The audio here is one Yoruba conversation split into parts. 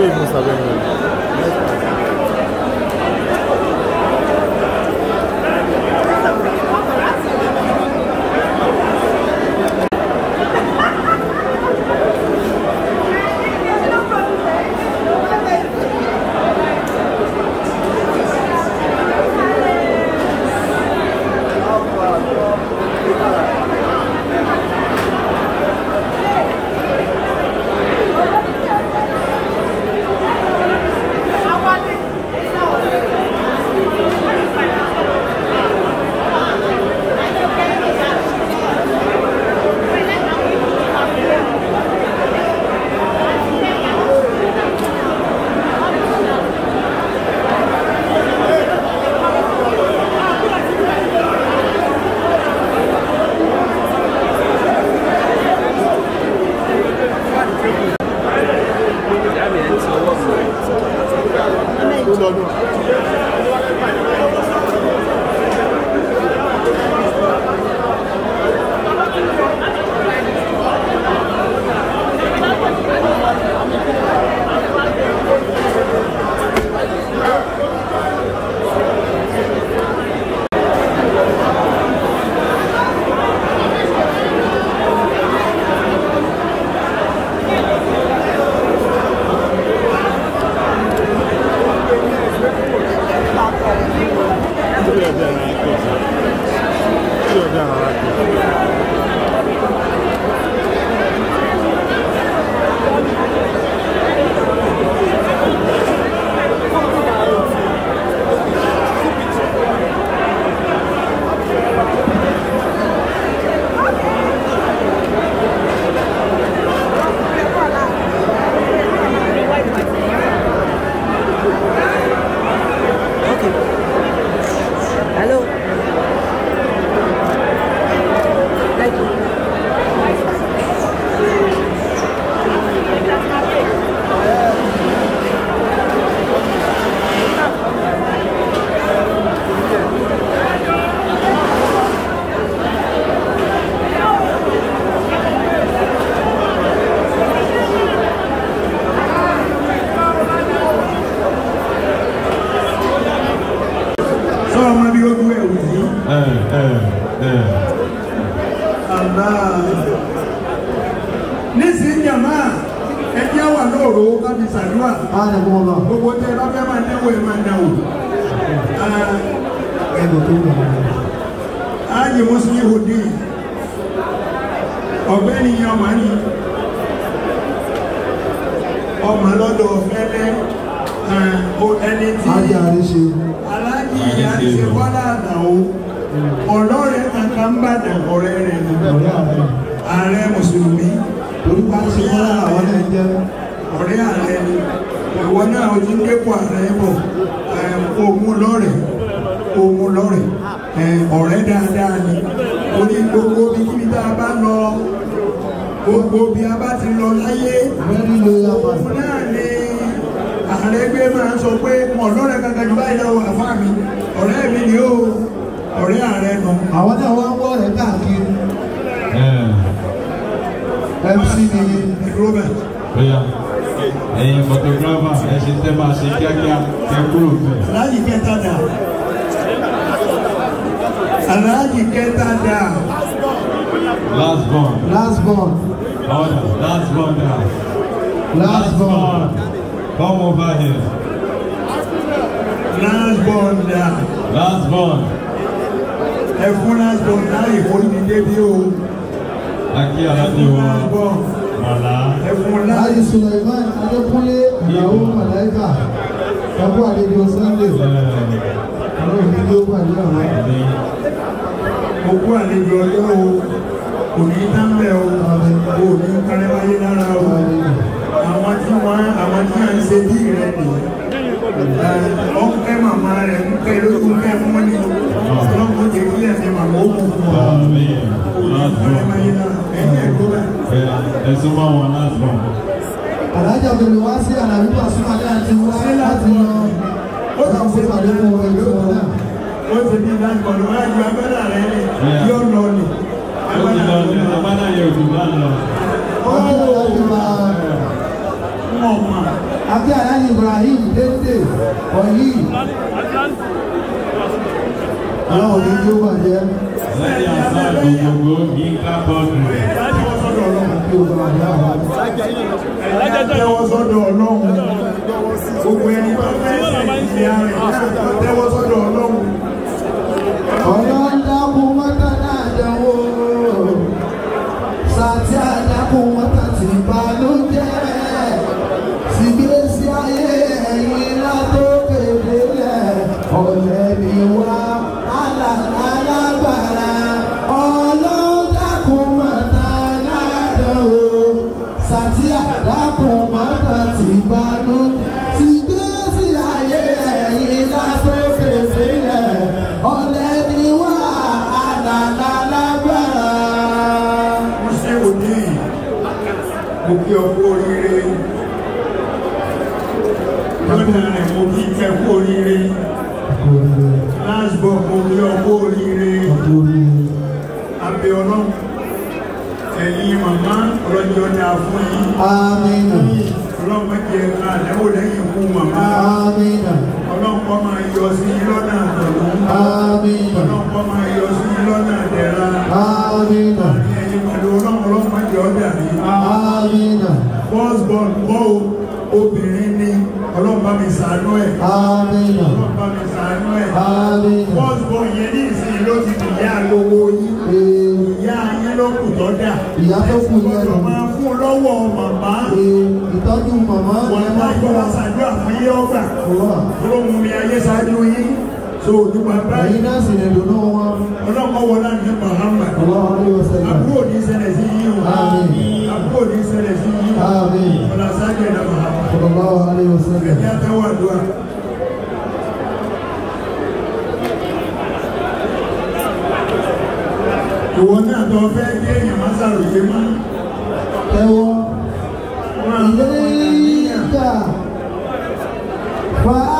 değildiniz haberim yok. kó ẹ máa dà wò. Aájì Mọ́sílẹ̀ Hòdì ọ̀gbẹ́ni ọmọ ni ọmọ lọ́dọ̀ fẹ́lẹ́ ẹni tí aláàjì àríṣe kọ́lá àdàwó ọlọ́rẹ̀ kankan ń bàdàn ọ̀rẹ́ rẹ̀ ni ààrẹ mùsùlùmí olùkọ́ àti kọ́lá àwọn ẹ̀jẹ̀ ọ̀rẹ́ ààrẹ ni ìwọ náà o ti ń dépò ààrẹ bọ̀ òun lọ́rẹ̀ òun lọ́rẹ̀ ọ̀rẹ́ dáadáa ni orí gbogbo bí kíbi tá a bá lọ gbogbo bí a bá ti lọ láyé òun náà ni ààrẹ gbé máa sọ pé mọ̀ lọ́rẹ̀ kankan jù báyìí lọ́wọ́ àfa mi ọ̀rẹ́ mi ni ó ọ̀rẹ́ ààrẹ nù. àwọn náà wá ń wọ́ káàkiri. MC ni Robert ẹ̀yin photographer ẹ ṣe tẹ́ máa ṣe kíákíá kẹ kúrò bẹ́ẹ̀. aláàjì kẹta dà aláàjì kẹta last born. last born. order last born dà. last born. come over here. last born dà. last born. ẹ fún last born náà ìfòyìnbí débi o. akí aláàjì wa. last born. Ayi Sulaiman Adékúnlé Ìyàwó Màláìkà Ọkọ Àdéjọ Sunday. Ọlọ́run ní ló pàdé àwọn. Òkú àlejò ọjọ́ o, òní dáńbẹ̀ o, òní kárẹ́máyé lára o. Àwọn tí wọ́n àwọn tí à ń ṣe bí rẹ̀ nìyí. Ọ̀kẹ́ màmá rẹ̀ ń kẹ́ lójú kẹ́ fún wọn ní. Ọlọ́run ti rí ẹ̀sìn màmá ó kù fún wa. Òní kárẹ́máyé lára ẹ̀sùn máa wọn náà sọ. alájà bèbè wá sí àlàyé pàṣẹ àti àti wá láti lọ ó kàn fún ìpàdé fún ọ̀rọ̀ ìlú ọ̀rọ̀ náà. ó ti di ìdánkọ̀lù wáyé ju agbádá rẹ ni yóò lọ ni. ó ti lọ ní agbádá yẹn ò ti bá lọ. ó ń lọ sí ma. ń wọ̀ mọ́. àbí ọlọ́run ní yóò bàjẹ́. lẹ́yìn àṣà ìgbòho yínká bọ́ọ̀dù. ẹ̀dájọ́ sọ́dọ̀ ọlọ́run kí o bá dá wa. ẹ̀dájọ́ sọ́dọ̀ ọlọ́run gbogbo ẹni bá fẹ́ sí ìyá rẹ̀ tẹ́wọ́ sọ́dọ̀ ọlọ́run. àdánwò lẹ́yìn ikú màmá. ọlọ́run kó máa yọ sí lọ́nà àdánwò. ọlọ́run kó máa yọ sí lọ́nà àdẹ̀ra. àmín ẹ̀yin pẹ̀lú ọlọ́run ọlọ́run jẹ́ ọ́dà yìí. àmín first born mọ́ o obìnrin ni ọlọ́run mi ṣàánú ẹ̀. àmín ọlọ́run mi ṣàánú ẹ̀. àmín first born yẹn ní ìsìn ló ti dìyà lówó yín. ìyá yín ló kù tọ́ ìyá tó kù yẹn lọ kú lọ́wọ́ màmá. ìtọ́jú màmá wọn ní wọn gbọ́dọ̀ ṣàdúrà fún yé ọgbà. olóhùn mi ayé ṣáájú yín. so òdùgbà báyìí. èyí náà sì lè dùnú wọn. ọlọ́kọ̀ wọlé àti Muhammad. àbúrò ní ṣẹlẹ̀ sí yín o. àbúrò ní ṣẹlẹ̀ sí yín o. ọ̀là sáájú ẹ̀dá Muhammad. ẹ̀jẹ̀ àtàwọn ìwọ náà tó fẹ́ dé èèyàn má máa. Ẹ̀wọ̀n ìlẹ́yìn ìjà fàá.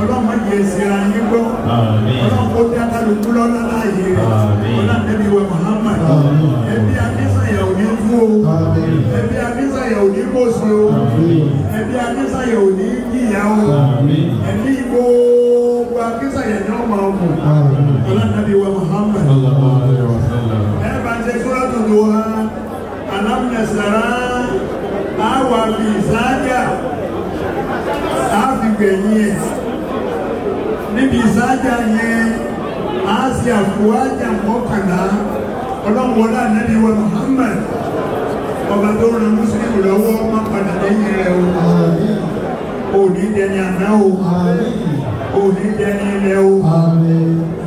ọlọ́mọ yẹ sira yín gbọ́ ọlọ́mọ kó dá kálukú lọ́la láàyè ọlọ́mọ ẹbí wẹ̀ Muhammad ẹbí adísàyà òní fún o ẹbí adísàyà òní gbòsò o ẹbí adísàyà òní yíyà o ẹbí gbogbo adísàyà ní ọmọ ọmọ ọlọ́mọ ẹbí wẹ̀ Muhammad ẹ bá jẹ kúrò dùdù wa alámìnẹsàrà àwọn àbí ìsáájà àfi gbẹ̀yìn níbi ìsájà yẹn á ṣe àfọwájà mọ́kànlá ọlọ́run wọlé ànábi wa Muhammad ọba tó ran mùsùlùmí lọ́wọ́ má padà lẹ́yìn rẹ̀ o òní dẹni àná o òní dẹni ilẹ̀ o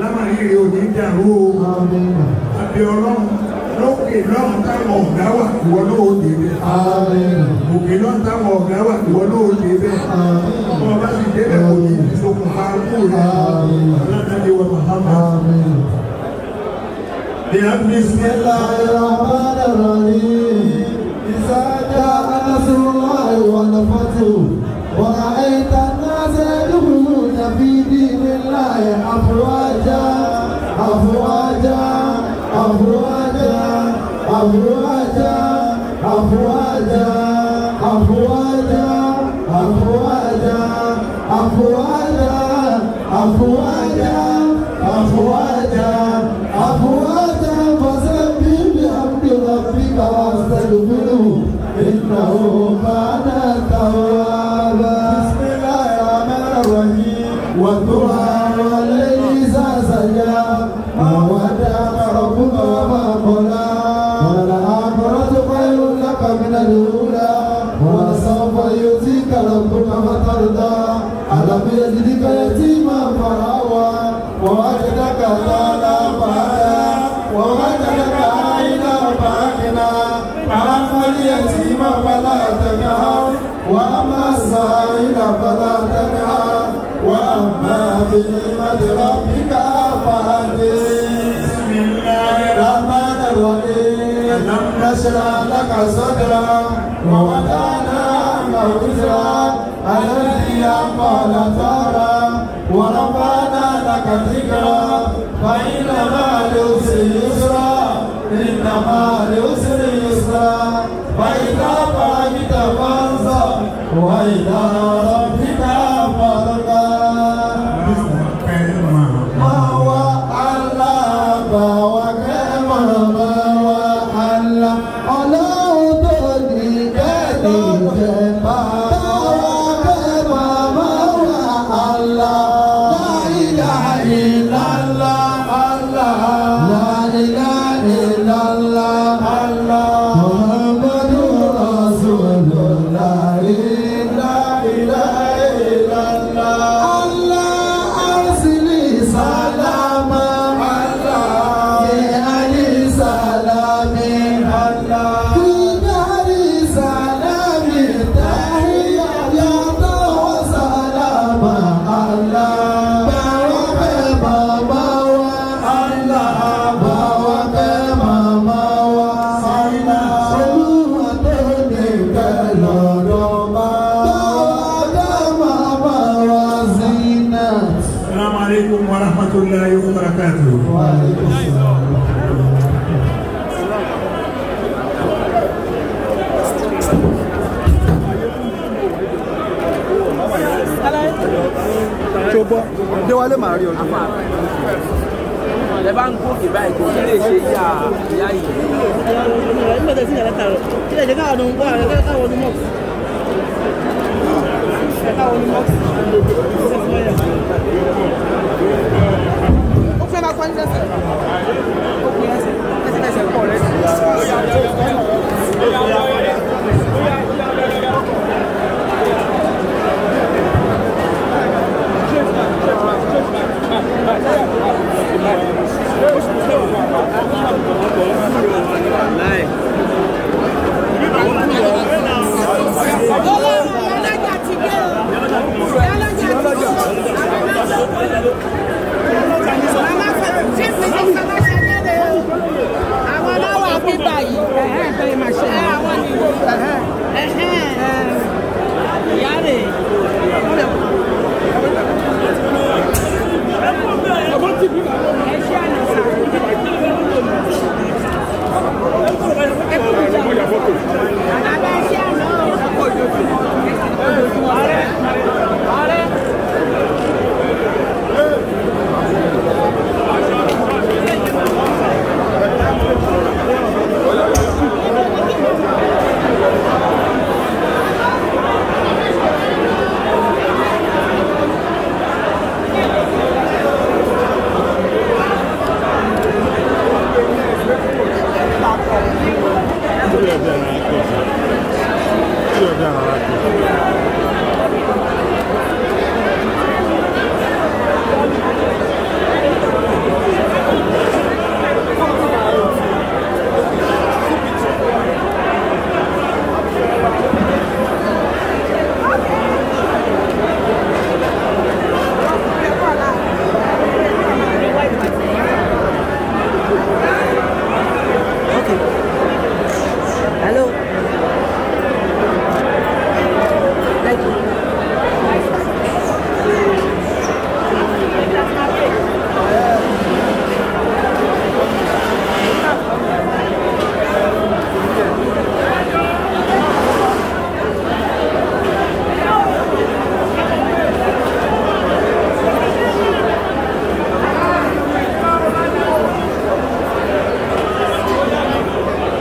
lámàrí rẹ̀ òní dàrú o àbí ọlọ́run òkè lọ́run táwọn ọ̀gá wà ìwọ ló ó dé bẹ́ẹ̀. òkè lọ́run táwọn ọ̀gá wà ìwọ ló ó dé bẹ́ẹ̀. ọmọ bá ti dé bẹ́ẹ̀ kò ní ìṣokùnfà kú rẹ̀. alátàdé wa mahama. بسم الله الرحمن الرحيم إذا جاء نصر الله والفتح ورأيت الناس يدخلون في دين الله أفواجا أفواجا أفواجا أفواجا أفواجا أفواجا أفواجا أفواجا أفواجا أفواجا أفواجا فسبح بحمد ربك واستغفره إنه كان توابا بسم الله الرحمن الرحيم والضحى الأولى ولسوف يؤتيك ربك فترضى ألم يجدك يتيما فآوى ووجدك ضالا فهدى ووجدك عائلا فأغنى فأما اليتيم فلا تقهر وأما السائل فلا تنهر وأما بنعمة ربك فحدث ونشرع لك صدرا ووضعنا عنك وزرا الذي أنقل ثارا ورفعنا لك ذكرا فإن مع العسر يسرا إن مع العسر يسرا فإذا فعلت فانصب وإذا ورحمة الله وبركاته ṣùgbọ́n déwálé màá rí ọdún. ẹ bá ń gòkè báyìí kò kí lè ṣe yá ìyá yìí. nígbà tó ti yàrá tààrọ̀ kí lè jẹ́ káwọn ọdún gbọ́ àwọn ẹgbẹ́ káwọn ọdún mọ̀. káwọn ọdún mọ̀. very much.